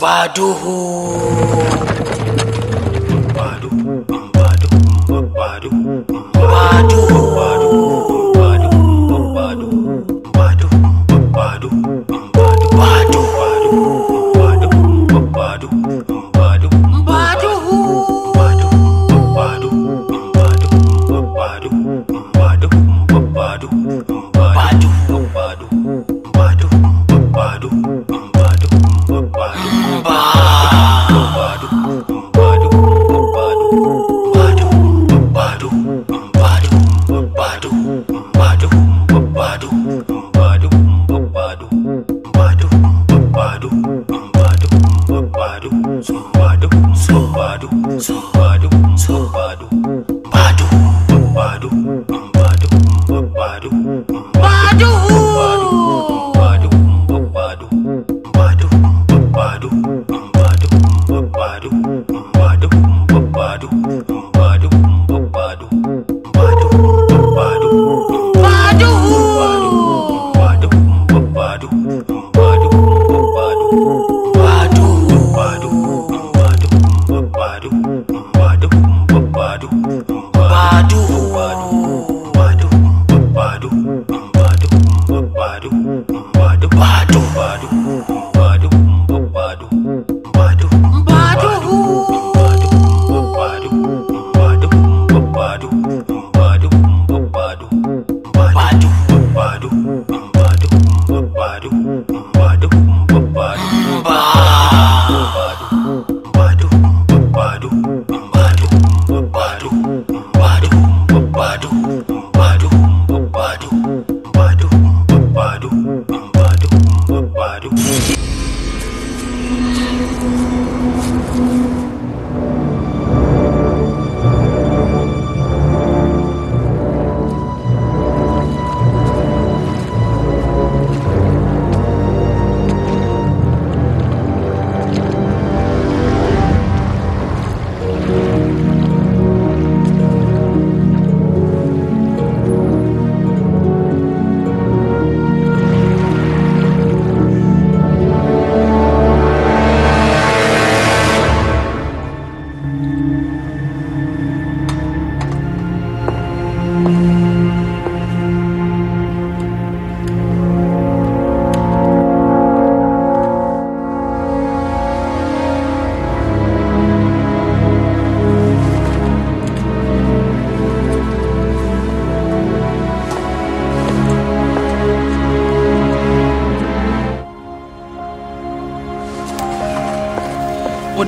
巴杜呼。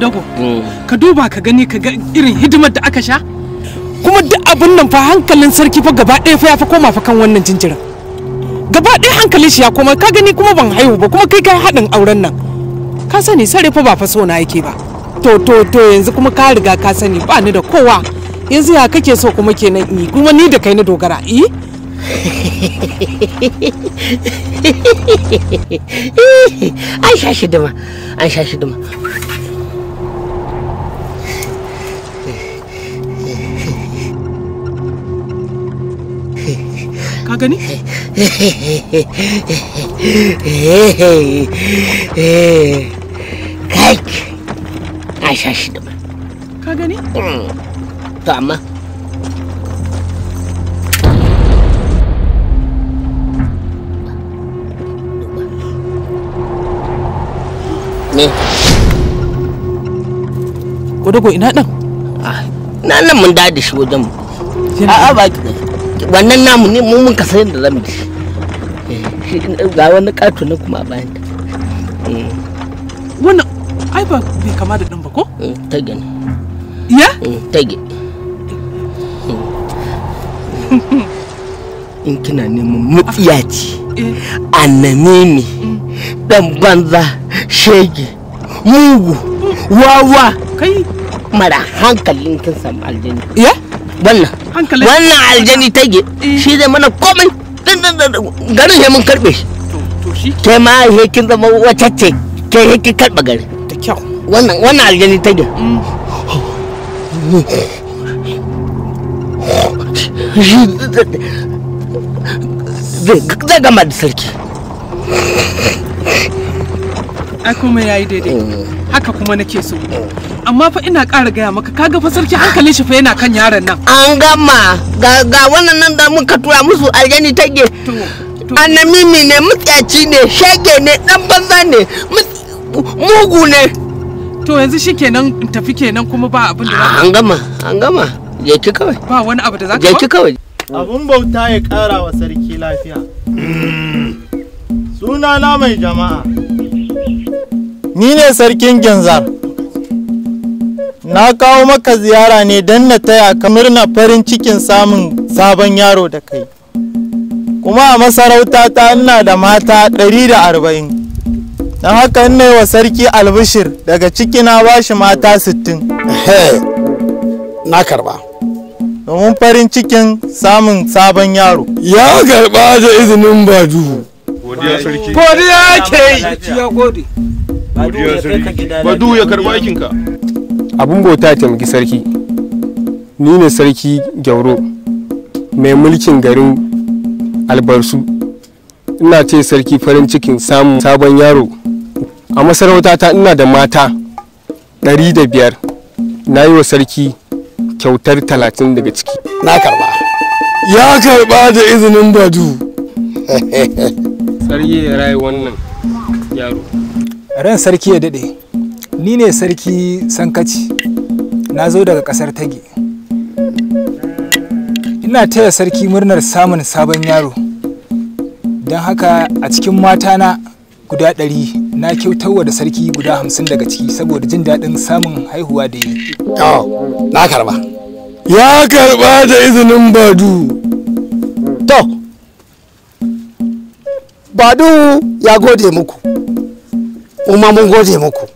dago mm. ka duba ka gani ka ga irin hidimar da aka sha kuma duk abin nan fa hankalin sarki fa gaba ɗaya fa ya fa koma fa kan wannan jinjirin gaba ɗaya hankalin shi ya koma ka gani kuma ban haihu ba kuma kai kai haɗin auren nan ka sani sare fa ba fa so na yake ba to to to yanzu kuma ka riga ka sani ba ni da kowa yanzu ya kake so kuma kenan ni kuma ni da kai na dogara eh an sha shi an sha olahraga nih? Kijk, asas dong. Kagak nih? wannan namu ne mu mun kasa yadda zamu ji eh, ga wani kato na kuma bayan ta eh. wannan ai ba bai kama da ɗan ba ko eh, tage gani ya gani in kina neman matsiyaci annane ne dan banza shege mugu mm. wawa kai mara hankalin kin samu aljini ya wannan wannan aljani ta ge eh. shi zai mana komai garin ya mun karbe ke ma he kin zama wacece ke he kin karba gari wannan wannan aljani ta ge mm. zai gama da sarki ai kuma ya yi daidai mm. haka kuma nake so amma fa ina ƙara gaya maka kaga fa sarki hankalin shi fa yana kan yaron nan an gama ga ga wannan nan da muka tura musu aljani tage annamimi ne mutsaci ne shege ne dan banza ne mugu ne to yanzu shikenan tafi kenan kuma ba abin da an gama an gama je ki kawai ba wani abu da za je ki kawai abun bauta ya ƙara wa sarki lafiya sunana mai jama'a ni ne sarkin ginzar na kawo maka ziyara ne don na taya ka murna farin cikin samun sabon yaro da kai kuma a masarauta ta ina da mata 140 don haka ina yi wa sarki albishir daga ciki na bashi mata 60 na karba domin farin cikin samun sabon yaro ya karba da izinin baju godiya sarki godiya sarki badu ya karba aikinka Abin bauta ya taimaki sarki ni ne sarki gyauro mai mulkin garin albarsu ina ce sarki farin cikin samun sabon yaro a masarautata ina da mata 500 na yi wa sarki kyautar 30 daga ciki na karba ya karba da izinin badu sarki ya rayu wannan yaro ran sarki ya dade ni ne sarki sankaci na zo daga kasar tage ina taya sarki murnar samun sabon yaro don haka a cikin matana guda ɗari na kyautarwa da sarki guda hamsin daga ciki saboda jin daɗin samun haihuwa da yi na karba ya karba da izinin badu to badu ya gode muku kuma mun gode muku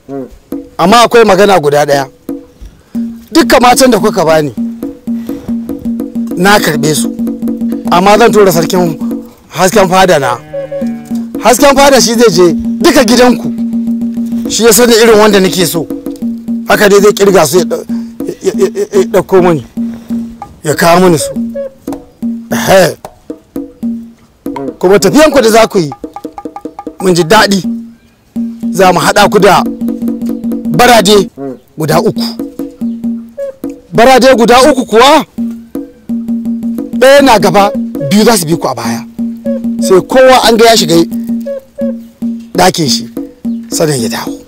amma akwai magana guda ɗaya dukkan matan da kuka bani na karbe su amma zan tura sarkin hasken fada na hasken fada shi zai je duka gidanku shi ya sani irin wanda nake so haka dai zai kirga su ya ɗauko mani ya kawo mani su kuma tafiyanku da za ku yi mun ji daɗi za mu haɗa ku da baraje guda uku baraje guda uku kuwa ɗaya na gaba biyu za su bi ku a baya sai kowa an ga ya shiga ɗakin shi sanin ya dawo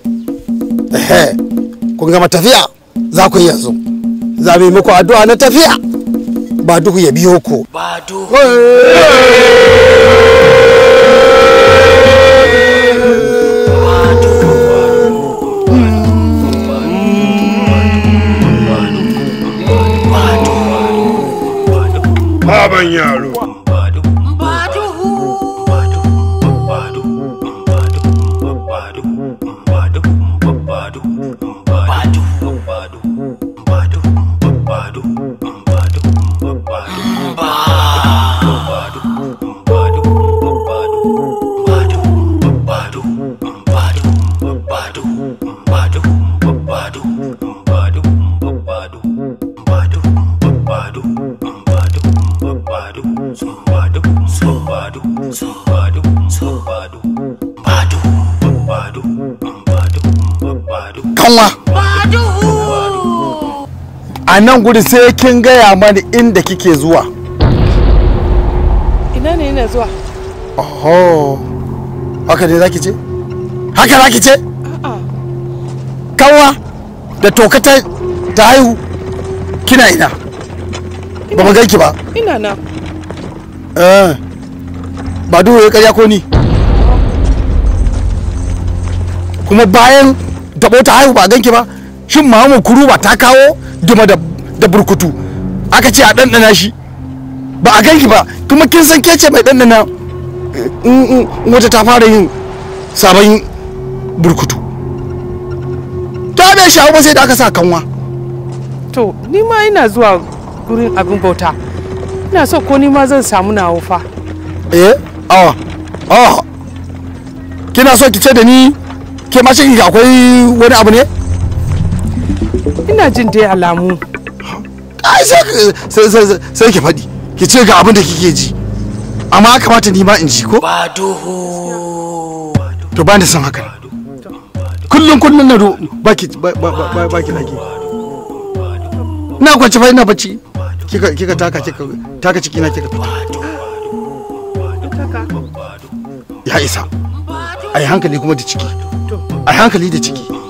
kun gama tafiya za ku yi yanzu za mu yi muku addu'a na tafiya ba duhu ya biyo ku ba duhu amanhã. a nan guri sai kin gaya mani inda kike zuwa ina ne ina zuwa oho haka dai zaki ce haka zaki ce kawa da toka ta haihu kina ina ba mu ganki ba ina na eh ba duhu ya karya ko ni kuma bayan da ta haihu ba ganki ba shin mamu kuruba ta kawo duma da da burkutu aka ce a ɗanɗana shi ba a gangi ba kuma kin san ke ce mai ɗanɗana eh, wata ta fara yin sabon burkutu ta bai shi ba sai da aka sa kanwa to ni ma ina zuwa gurin abin bauta ina so ko ni ma zan samu na fa eh awa ah, awa ah. kina so ki ce da ni ke ma shi akwai wani abu ne ina jin dai alamu ai sai ki faɗi ki ce ga abin da kike ji amma kamata ni ma in ji ko ba duhu to ba ni san haka kullum kullum na do ba ki ba ki laki ina kwance fa ina bacci kika kika taka kika taka ciki na kika ya isa ai hankali kuma da ciki ai hankali da ciki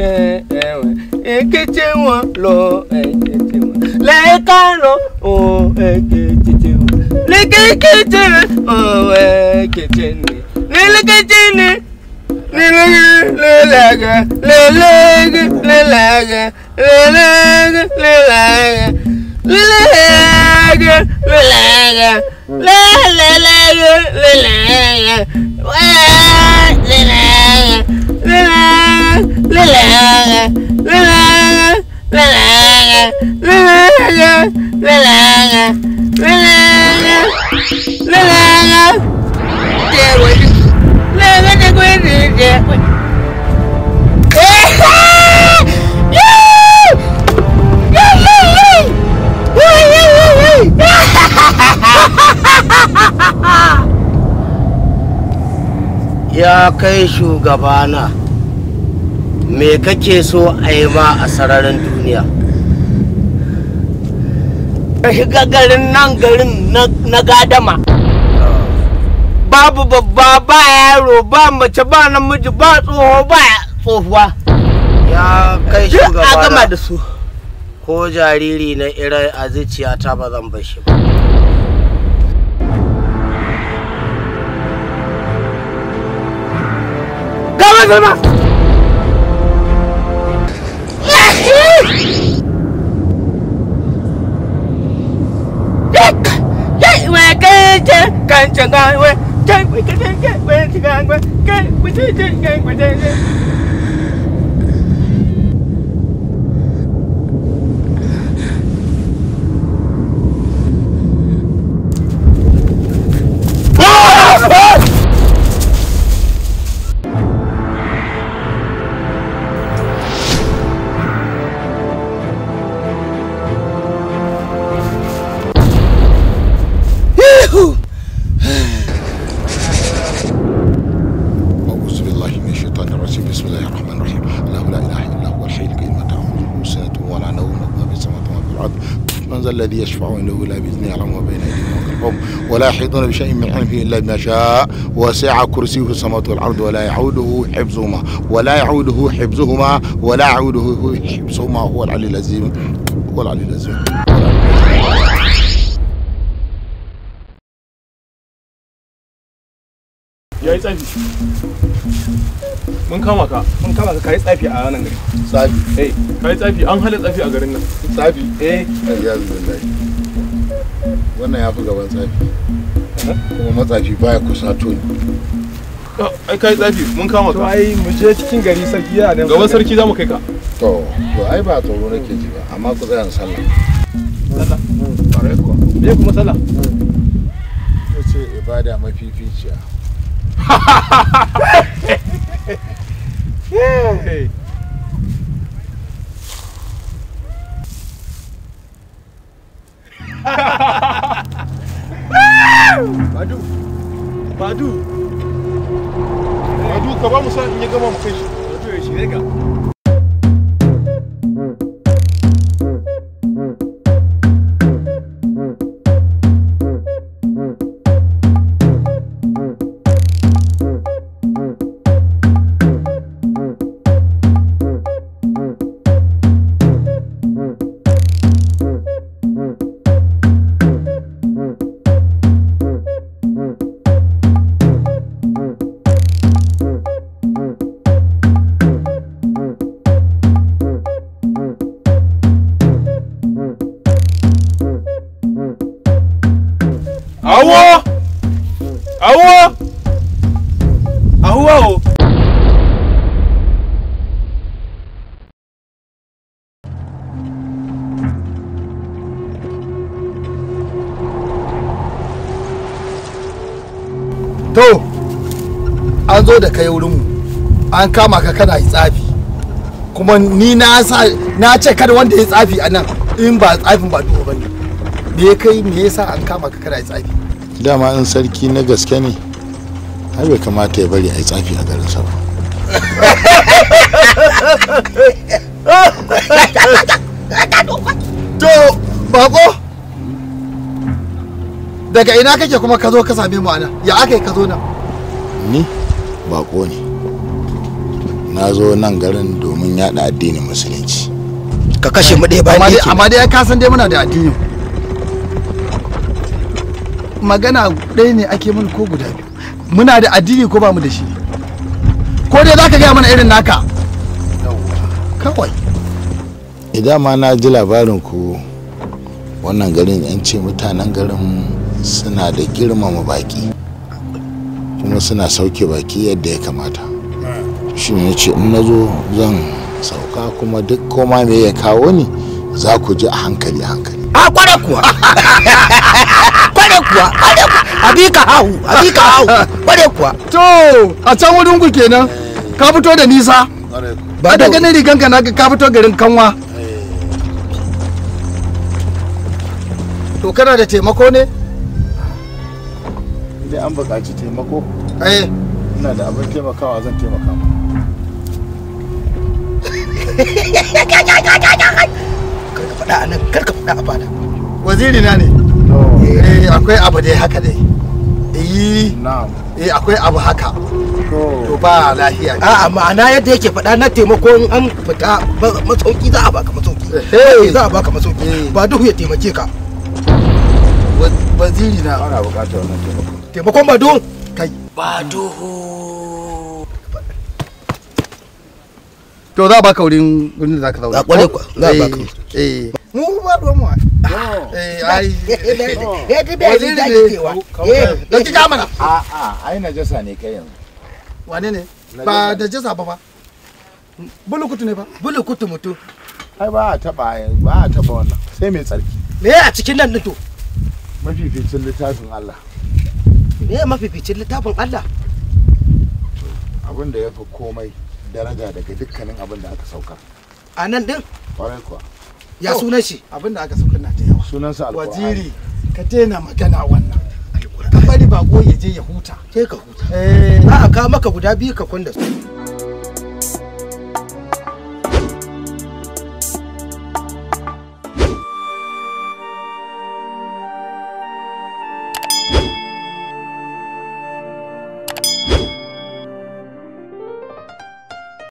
jẹ ẹ̀wẹ̀n èkété wọn lọ èkété wọn lẹ́ẹ̀kárọ̀ ò èkété wọn lẹ́kẹ́kẹ́tẹ́ ò èkété ni nílẹ́kẹ́tẹ́ ni nílẹ́kẹ́lẹ́lẹ́gẹ́ lẹ́lẹ́gẹ́lẹ́gẹ́ lẹ́lẹ́gẹ́lẹ́gẹ́ lẹ́lẹ́gẹ́lẹ́gẹ́ lẹ́lẹ́gẹ́lẹ́gẹ́. ya kai shugabana me kake so a yi ma a sararin duniya ka shiga garin nan garin na gadama babu babba ba yaro ba mace ba namiji ba tsoho ba tsohuwa ya kai shugaba da su ko jariri na irai a zuciyata ba zan bashi ba come on. mà cái cái chẳng ai quên cái cái cái cái cái cái cái cái cái cái cái cái cái يحيطون بشيء من علمه إلا بما شاء وسع كرسيه السماوات والأرض ولا يعوده حفظهما ولا يعوده حفظهما ولا يعوده حفظهما هو العلي العظيم هو العلي العظيم ya yi tsafi mun kama ka gari tsafi eh kai tsafi an tsafi a garin nan tsafi eh wannan ya fi gaban tsafi kuma matsafi baya kusa tuni ai kai tsafi mun kama ka ai mu je cikin gari sarki ya da gaban sarki zamu kai ka to to ai ba tsoro nake ji ba amma ku tsaya sallah sallah bare mm. ko me kuma sallah mm. ce ibada mafificiya Badu. Badu. Badu ka ba mu san in ya gama mu kai shi. Badu ya to an zo da kai wurinmu an kama ka kana yi tsafi kuma ni na sa na ce kada wanda ya tsafi anan, in ba tsafin ba duhu ba ne me ya kai me yasa an kama ka kana yi tsafi dama in sarki na gaske ne har bai kamata ya bari a yi tsafi a garin sa ba to bako daga ina kake kuma ka zo ka same mu anan ya aka yi ka zo nan ni bako ne na zo nan garin domin yada addinin musulunci ka kashe mu dai ba yake amma dai ka san dai muna da addini magana ɗaya ne ake mun ko guda biyu muna da addini ko ba mu da shi ko dai zaka gaya mana irin naka kawai idan ma na ji labarin ku wannan garin an ce mutanen garin suna da girmama baki kuma suna sauke baki yadda ya kamata shi ne ce in na zo zan sauka kuma duk koma me ya kawo ni za ku ji a hankali hankali a ah, kwada kuwa kwada kuwa a bi ka hau abika hau kwada kuwa to a can wurin ku kenan ka fito da nisa ba da ganin ka na ka fito garin kanwa to kana da taimako ne dai an buƙaci taimako eh ina da abin taimakawa zan taimaka ma ka faɗa a nan kar ka faɗa a fada waziri na ne oh. eh akwai abu dai haka dai eh eh akwai abu haka oh. to ba lafiya a'a ma'ana yadda yake faɗa na taimako in an fita masauki za a baka masauki eh. za a baka masauki eh. ba duhu ya taimake ka waziri na ana buƙatar wannan taimako taimakon ba kai ba duhu to za a baka wurin wurin da zaka zauna a kware kwa za a eh, baka eh mu ba ruwan mu eh ai eh ti bai ji da kewa eh, eh. da ki ga mana a a ai najasa ne kai yanzu wane ne ba da jasa ba ba bulukutu ne ba bulukutu mutu ai ba a taba ba a taba wannan sai mai tsarki me a cikin nan nito mafificin littafin Allah me ya mafificin littafin Allah abin da ya fi komai daraja daga dukkanin abin da aka saukar a nan din kwarai kuwa ya sunan shi abin da aka saukar na ta yawa sunan sa alƙur'ani waziri ka daina magana wannan alƙur'ani ka bari bako ya je ya huta ke ka huta eh a ka maka guda biyu ka kunda su